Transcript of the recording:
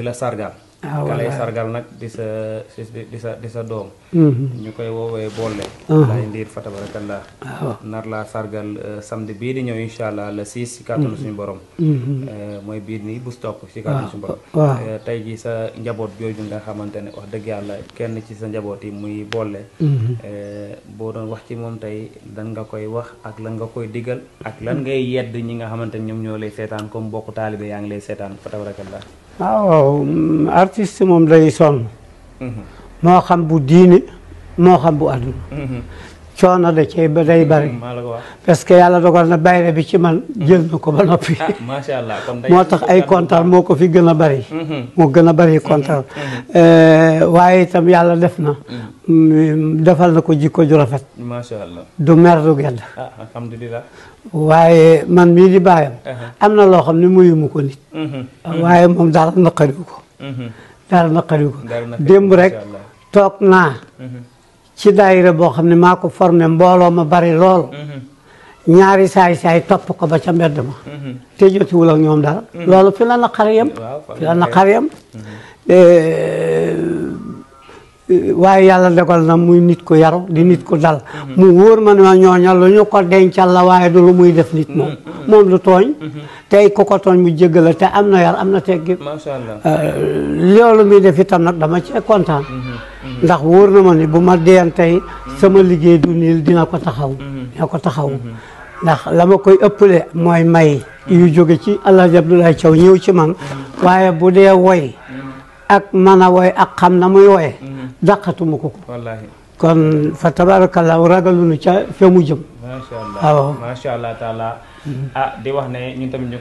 di la sargal ah, ka lay sargal nag di sa di sa doom mhm. ñu koy woowee boole mhm. laay ndiir fa tabarakallah ah, nar laa sargal euh, samedi bii di ñëw insha allah le 6 ci kàttanu mhm. suñu borom euh, mooy biir nii bu stock ci kàttanu ah, suñu borom euh, tey ji sa njaboot jooju nga xamante ne wax dëgg yàlla kenn ci sa njaboot yi muy boole boo doon wax ci moom tey lan nga koy wax ak lan nga koy digal ak lan ngay yedd ñi nga xamante ñoom ñoo lay seetaan comme bokk taalibe yaa ngi lay waaw artiste moom lay sonn mm-hmm. moo xam bu diine moo xam bu àdduna mm-hmm. coono da cay ba day bari mm, parce que yàlla dogal na bayre bi ci man jël na ko ba noppi ah, moo tax ay kontaan moo ko fi gën a bari mm-hmm. moo gën a bari kontaan mm-hmm. Mm-hmm. Eh, waaye itam yàlla def na mm, defal na ko jikko ju rafet du mer du gedd ah, alhamdulilah waaye man mii di baayam uh-huh. am na loo xam ne muyu ko nit waaye moom dara naqariwu ko dara naqariwu rek toog naa ci daayira boo xam ne maa ko formé mbooloo ma bari lool mm-hmm. ñaari saay-saay topp ko ba ca mbedd ma mm-hmm. te jotiwul ak ñoom dara mm-hmm. loolu fi la yem fi la yem eh, waaye yàlla dogal na muy nit ko yaru di nit ko dal mu wóor ma ne ma ñooña lu ñu ko dencal la waaye du lu muy def nit moom moom du tooñ tey ku ko tooñ mu jéggala te am na yar am na teggi macha allah euh, loolu muy def itam nag dama cee kontaan mm-hmm. Mm-hmm. ndax wóor na ma ne bu ma deen tey sama liggéey du niil dina ko taxaw mm-hmm. dina ko taxaw ndax la ma koy ëppale mooy may yu jóge ci Alaaji Abdoulaye Thiaw ñëw ci man waaye bu dee woy ak mën a ak xam na muy wooye mhm. dàqatuma ko kon fa tabarakallahu ragalu nu ca fe mu jëm macha allah macha mhm. ah, di wax ne ñun tamit